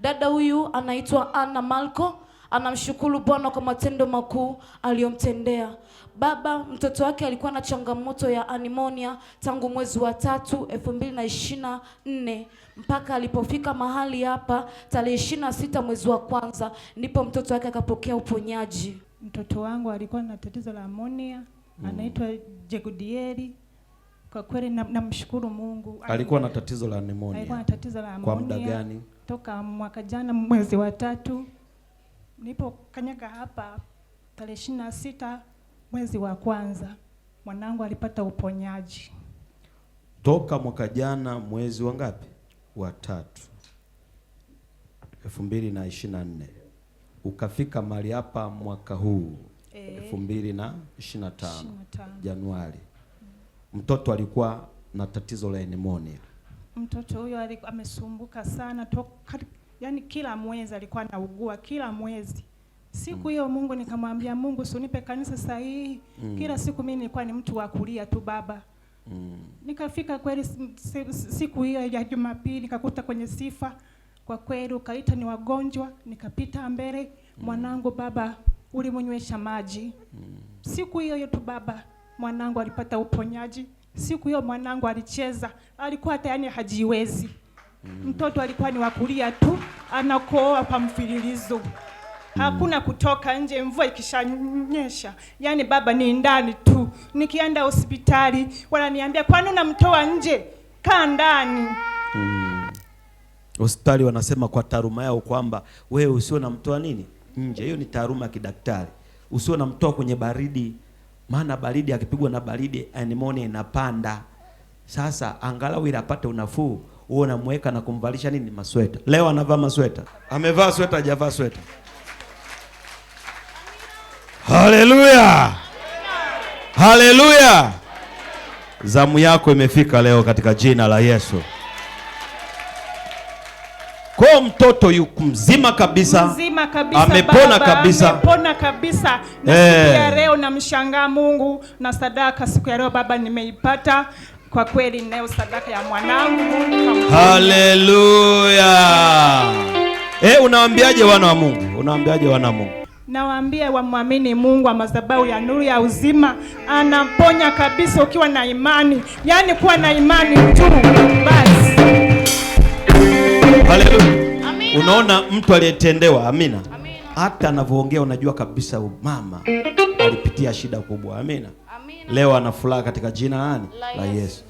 Dada huyu anaitwa Anna Malko anamshukuru Bwana kwa matendo makuu aliyomtendea. Baba, mtoto wake alikuwa na changamoto ya animonia tangu mwezi wa tatu elfu mbili na ishirini na nne mpaka alipofika mahali hapa tarehe ishirini na sita mwezi wa kwanza, ndipo mtoto wake akapokea uponyaji. Mtoto wangu alikuwa na tatizo la amonia, mm. anaitwa Jegudieri. Kwa kweli namshukuru Mungu. Alikuwa na tatizo la anemonia. Alikuwa na tatizo la amonia. Kwa muda gani? toka mwaka jana mwezi wa tatu nipo kanyaga hapa tarehe ishirini na sita mwezi wa kwanza mwanangu alipata uponyaji. Toka mwaka jana mwezi wa ngapi? Wa tatu elfu mbili na ishirini na nne ukafika mali hapa mwaka huu eh. elfu mbili na ishirini na tano Januari. Mtoto alikuwa na tatizo la pneumonia mtoto huyo amesumbuka sana toka, yani kila mwezi alikuwa anaugua kila mwezi. Siku mm. hiyo mm. Mungu nikamwambia Mungu sunipe kanisa sahihi mm. Kila siku mimi nilikuwa ni mtu wa kulia tu baba mm. Nikafika kweli siku hiyo ya Jumapili nikakuta kwenye sifa kwa kweli ukaita ni wagonjwa, nikapita mbele mm. Mwanangu baba, ulimnywesha maji mm. Siku hiyo tu baba, mwanangu alipata uponyaji. Siku hiyo mwanangu alicheza, alikuwa tayari hajiwezi. Mm. Mtoto alikuwa ni wakulia tu, anakooa kwa mfililizo. Mm. Hakuna kutoka nje, mvua ikishanyesha, yani baba ni ndani tu. Nikienda hospitali wananiambia, kwani unamtoa nje, kaa ndani. Mm. Hospitali wanasema kwa taaluma yao kwamba wewe usio namtoa nini nje, hiyo ni taaluma ya kidaktari, usio namtoa kwenye baridi maana baridi akipigwa na baridi anemone inapanda. Sasa angalau ili apate unafuu, huo unamweka na kumvalisha nini? Masweta. Leo anavaa masweta, amevaa sweta, hajavaa sweta. Haleluya, haleluya! Zamu yako imefika leo katika jina la Yesu. Kwa mtoto yuko mzima kabisa, mzima kabisa, amepona kabisa, amepona kabisa. Na eh, siku ya eh. leo namshangaa Mungu na sadaka siku ya leo baba nimeipata kwa kweli, nayo sadaka ya mwanangu. Haleluya! Eh, unawaambiaje wana wa Mungu? Unawaambiaje wana wa Mungu? Nawaambia wamwamini Mungu wa madhabahu ya nuru ya uzima, anaponya kabisa ukiwa na imani, yaani kuwa na imani tu basi. Haleluya. Unaona mtu aliyetendewa, amina, Hata anavyoongea unajua kabisa mama alipitia shida kubwa, amina, amina. Leo ana furaha katika jina nani? la Yesu.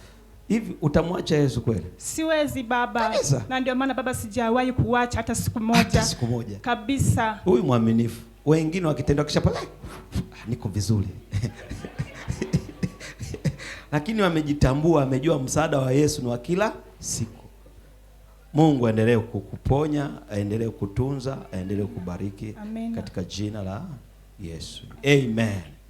Hivi utamwacha Yesu kweli? Siwezi baba. Kabisa. Na ndio maana baba sijawahi kuacha hata siku moja. Hata siku moja. Kabisa. Huyu mwaminifu. Wengine wakitendwa kisha pale ah, niko vizuri. Lakini wamejitambua, amejua msaada wa Yesu ni wa kila siku. Mungu aendelee kukuponya, aendelee kutunza, aendelee kubariki Amen. Katika jina la Yesu. Amen.